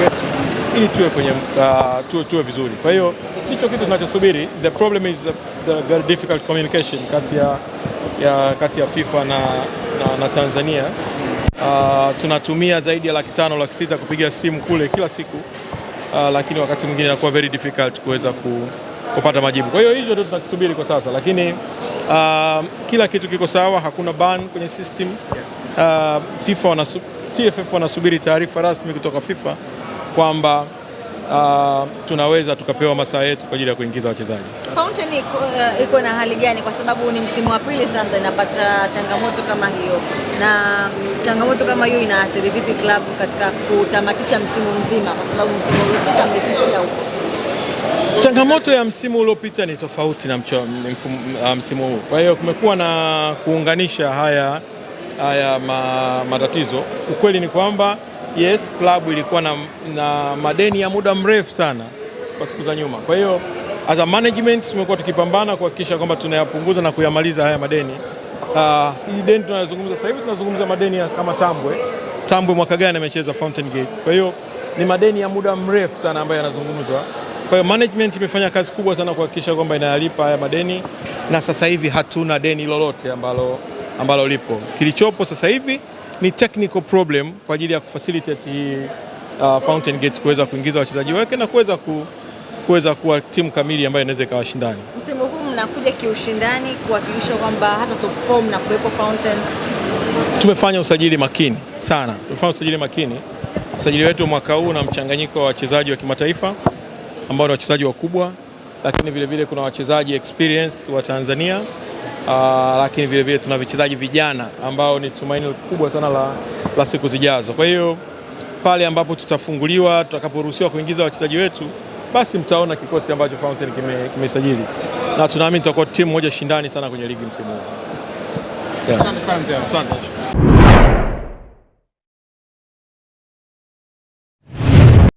wetu ili tuwe kwenye uh, tuwe, tuwe vizuri. Kwa hiyo hicho kitu tunachosubiri. The problem is the, the very difficult communication kati ya, ya, kati ya FIFA na, na, na Tanzania. Uh, tunatumia zaidi ya laki tano laki sita kupiga simu kule kila siku uh, lakini wakati mwingine inakuwa very difficult kuweza ku, kupata majibu. Kwa hiyo hicho ndio tunakisubiri kwa sasa, lakini uh, kila kitu kiko sawa, hakuna ban kwenye system. Uh, FIFA wanasu, TFF wanasubiri taarifa rasmi kutoka FIFA kwamba uh, tunaweza tukapewa masaa yetu kwa ajili ya kuingiza wachezaji. Fountain iko uh, na hali gani? Kwa sababu ni msimu wa pili sasa inapata changamoto kama hiyo, na changamoto kama hiyo inaathiri vipi club katika kutamatisha msimu mzima, kwa sababu msimu uliopita mlipitia huko? Changamoto ya msimu uliopita ni tofauti na mcho, mfumu, uh, msimu huu, kwa hiyo kumekuwa na kuunganisha haya haya ma, matatizo. Ukweli ni kwamba yes, klabu ilikuwa na, na madeni ya muda mrefu sana kwa siku za nyuma. Kwa hiyo as a management tumekuwa tukipambana kuhakikisha kwamba tunayapunguza na kuyamaliza haya madeni. Uh, hii deni tunayozungumza sasa hivi tunazungumza madeni ya kama Tambwe. Tambwe mwaka gani amecheza Fountain Gate. Kwa hiyo ni madeni ya muda mrefu sana ambayo yanazungumzwa. Kwa hiyo management imefanya kazi kubwa sana kuhakikisha kwamba inayalipa haya madeni na sasa hivi hatuna deni lolote ambalo, ambalo lipo. Kilichopo sasa hivi ni technical problem kwa ajili ya kufacilitate hii uh, Fountain Gate kuweza kuingiza wachezaji wake na kuweza ku kuweza kuwa timu kamili ambayo inaweza ikawa shindani. Msimu huu mnakuja kiushindani kuhakikisha kwamba hata top na mnakuwepo Fountain. Tumefanya usajili makini sana, tumefanya usajili makini. Usajili wetu mwaka huu na mchanganyiko wa wachezaji wa kimataifa ambao ni wachezaji wakubwa, lakini vilevile vile kuna wachezaji experience wa Tanzania Ah, lakini vilevile tuna wachezaji vijana ambao ni tumaini kubwa sana la, la siku zijazo. Kwa hiyo pale ambapo tutafunguliwa, tutakaporuhusiwa kuingiza wachezaji wetu, basi mtaona kikosi ambacho Fountain kimesajili kime, na tunaamini tutakuwa timu moja shindani sana kwenye ligi msimu huu. Asante sana. Asante.